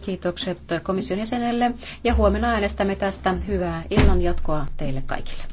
Kiitokset komission jäsenelle ja huomenna äänestämme tästä hyvää illan jatkoa teille kaikille.